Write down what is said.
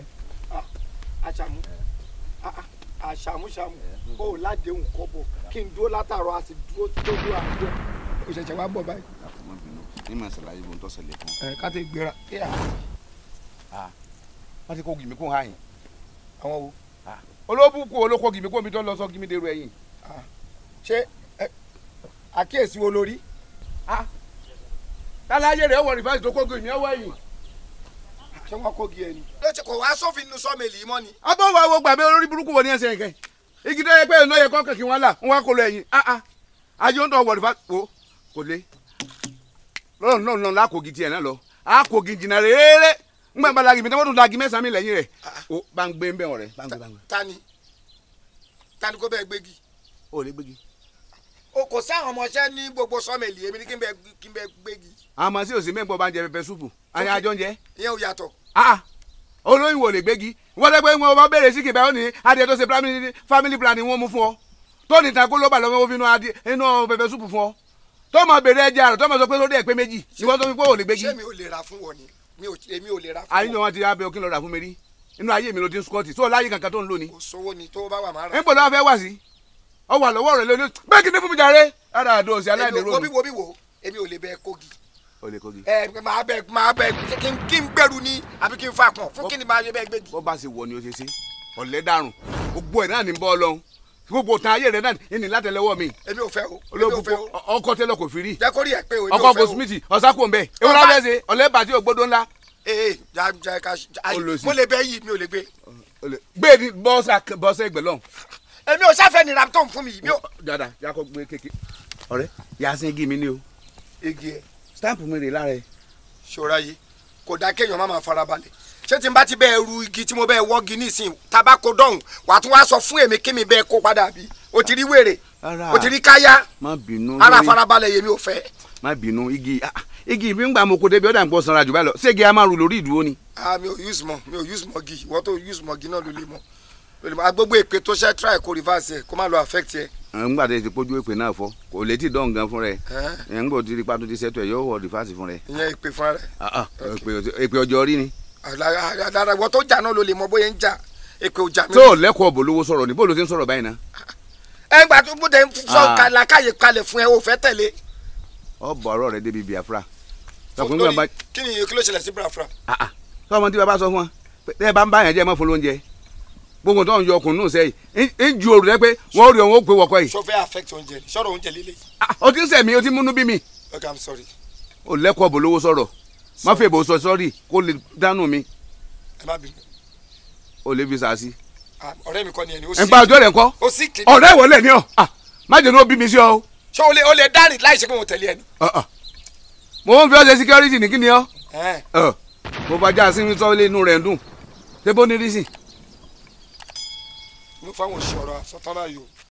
ọ̀rẹ́. àṣàmú ah, àṣàmú eh. ah, ah, ṣàmú eh, o ò ládéhùn kọ́bọ̀ kí n dúró látàrọ a sì dúró tó dúró àjọ kò ṣẹ̀ṣẹ̀ wá bọ̀ báyìí. àfọwọ́ bínú ní màá ṣàlàyé bó ń tọ́ ṣẹlẹ̀ fún. ẹ eh, ká ti gbéra. wọ́n ti kó gìmí kó hàn yín. àwọn wo. olóòbù kú olóko gìmí kó mi tó lọ sọ gìmí dèrò ẹ̀yìn. ṣé àkíyèsí olórí. táláyé rẹ̀ wọ̀ rìfáàsì tó kó gìmí ọwọ́ ẹ̀yìn ṣé wọn kó gi ẹni. ló ti kò wá sófin inú sọmẹlì mọ ni. ọbọ̀ wa wo gbàgbé olórí burúkú wo ní ẹsẹ̀ nǹkan igi tó yẹ pé ìnáyẹ kọ́kàn kí wọ́n là ń wá kó lọ ẹ̀yìn ah, ah. ayé ń tọ́ wọ̀rì fà kó kò lé lọ́rùn náà náà lákòógi tiẹ̀ náà lọ àkòógi jìnnà rèére ń gbà lagi mi tí wọ́n tún lagi mẹ́sàn-án mi lẹ́yìn rẹ̀ ah, o bá ń gbé ń bẹ̀ wọ̀n rẹ̀ tani tani kò bẹ́ẹ̀ gbégi. o lè gbégi. o kò sáwọn ọmọọṣẹ́ ní gbogbo sọ́mẹ̀lì èmi ní kí n bẹ́ẹ̀ gbégi. àmọ́ sí òsì bá ń jẹ pẹpẹ súpù àyájọ́ ń jẹ. ìyẹn ò yàtọ̀. Ah, ah. olóyìn wò lè gbégi wọ́n tẹ́ pé wọ́n bá béèrè sí kìbẹ́ ó ní adìẹ tó ṣe family plan wọ́n mú fún ọ tó ní ìtàkó ló bà lọ́wọ́ fi inú pẹpẹ súpù fún ọ tó mọ béèrè ẹja rẹ tó mọ sọ pé lórí ẹ pé méjì ìwọ tó fi pé ò lè gbégi. ṣé mi ò lè ra fún wọn ni èmi ò lè ra fún wọn. àyìnbó wọn ti abẹ òkè lọ rà fún mi rí inú ayé mi ló ti ń sukọ́ọ̀tì tó láyé kankan tó ń lò ní. kò sówó ni tó bá wà máa rà. níbo ló wá fẹ́ wá sí ọ wà lọ́wọ́ rẹ lórí bẹ́ẹ̀ kí ni fún mi jàre. ara àdó òsì aláìní ròmù. èmi o lè kogi. ẹ máa bẹ máa bẹ kí n kí n gbẹrù ni àbí kí n fa kàn fún kí ni máa ṣe bẹ gbẹdì. bó bá ṣe wọ ni o ṣe ṣe ọ̀lẹ́ dàrún gbogbo ẹ̀ náà ní bọ́ lọ́hún gbogbo tan ayé rẹ náà ní látẹ́lẹwọ́ mi. èmi ò fẹ́ o èmi ò fẹ́ o. ọkọ tẹlẹ kò fi rí. jẹ kórìí ẹ pé o èmi ò fẹ́ o. ọkọ kò smith ọsàkó ń bẹ ewúrẹ́ bẹ́ẹ̀ ṣe ọ̀lẹ́ bàtí ògbódó ńlá. ee ja ja ka mo lè bẹ yìí mi ò lè gbé. gbé ni bọ́sà bọ́sà ìgbẹ́lọ́hún. èmi ò sáfẹ́ ni raptor fún mi. dada yakọ gbé kéke ọ̀rẹ́ yasin igi mi ni o. igi ẹ stamp mi rè lára ẹ. ṣòra yìí kò dáa kéèyàn má máa farabalẹ̀ ṣé tí n bá ti bẹ́ẹ̀ ru igi tí mo bẹ́ẹ̀ wọ́gi nísìn tabako dọ̀hún wà á tún wá sọ fún èmi kí mi bẹ́ẹ̀ kó padà bí o ti rí wèrè o ti rí káyá ara farabalẹ̀ yèmi ò fẹ́. má bínú igi ah, igi mi ń gbà mo kó débi ọ̀dà ń gbọ́ sanra jù báyìí lọ ṣé igi a máa ru lórí ìdúró ni. a ah, mi ò use mọ mi ò use mọ gi ìwọ tó use mọ gi náà ló lè mọ gbogbo èpè tó ṣe try kó reverse ẹ kó má lọ affect ẹ ńgbà tí ti pójú èpè náà fọ kò lè ti dán gan fún rẹ ńgbà tí ipa tó ti ṣètò ẹ yóò wọ rìfáàsì fún rẹ. ìyẹn èpè fún rẹ. Ah, ah, èpè ọjọ́ rí ni. àdàrà ìwọ tó jà náà ló lè mọ bóyá ń jà èpè ọjà mi. tó lẹ́kọ̀ọ́ bò lówó sọ̀rọ̀ ni bó ló ti ń sọ̀rọ̀ báyìí náà. ẹ gbà tó bóde sọ ah. kàlàkàyè kalẹ̀ fún ẹ o fẹ́ tẹ̀lé. ọ bọ ọ̀rọ̀ rẹ débi biafra. kí ni kí ló ṣẹlẹ̀ sí biafra. tọ́mọ tí bàbá sọ fún wa tẹ́ ẹ bá ń bá yàn jẹ́ ẹ má fún lóúnjẹ gbogbo tó ń yọ ọkùnrin náà sẹ́yìn ń ju òrù rẹ pé wọ́n rí òun ó gbé wọ́kọ́ yìí. sọfẹ́ affect oúnjẹ ni sọ̀rọ̀ oúnjẹ líle. Ah, o ti ń sẹ̀mí o ti múnú bí mi. ok i'm sorry. o lẹ́kọ̀ọ́ bò lówó sọ̀rọ̀ má fẹ́ bò sọ sọ́rí kó lè dánú mi. ẹ má bínú. o lè fi sàásì. Ah, ọ̀rẹ́ mi kọ́ ni ẹni ó sì. ẹ̀gbọ́n àjọ rẹ̀ ńkọ́ ọ̀rẹ́ ìwọlẹ̀ ni ọ ah, má jẹ́ ní ó bí mi sí ọ. ṣé o lè o lè dárìn láì ṣe pé mo tẹ̀lé ẹni. mo ń fi ọṣẹ security eh. já sí mi sọ ilé inú rẹ̀ ń dùn fáwọn òṣìṣẹ́ ọ̀rọ̀ àsọtálá yìí o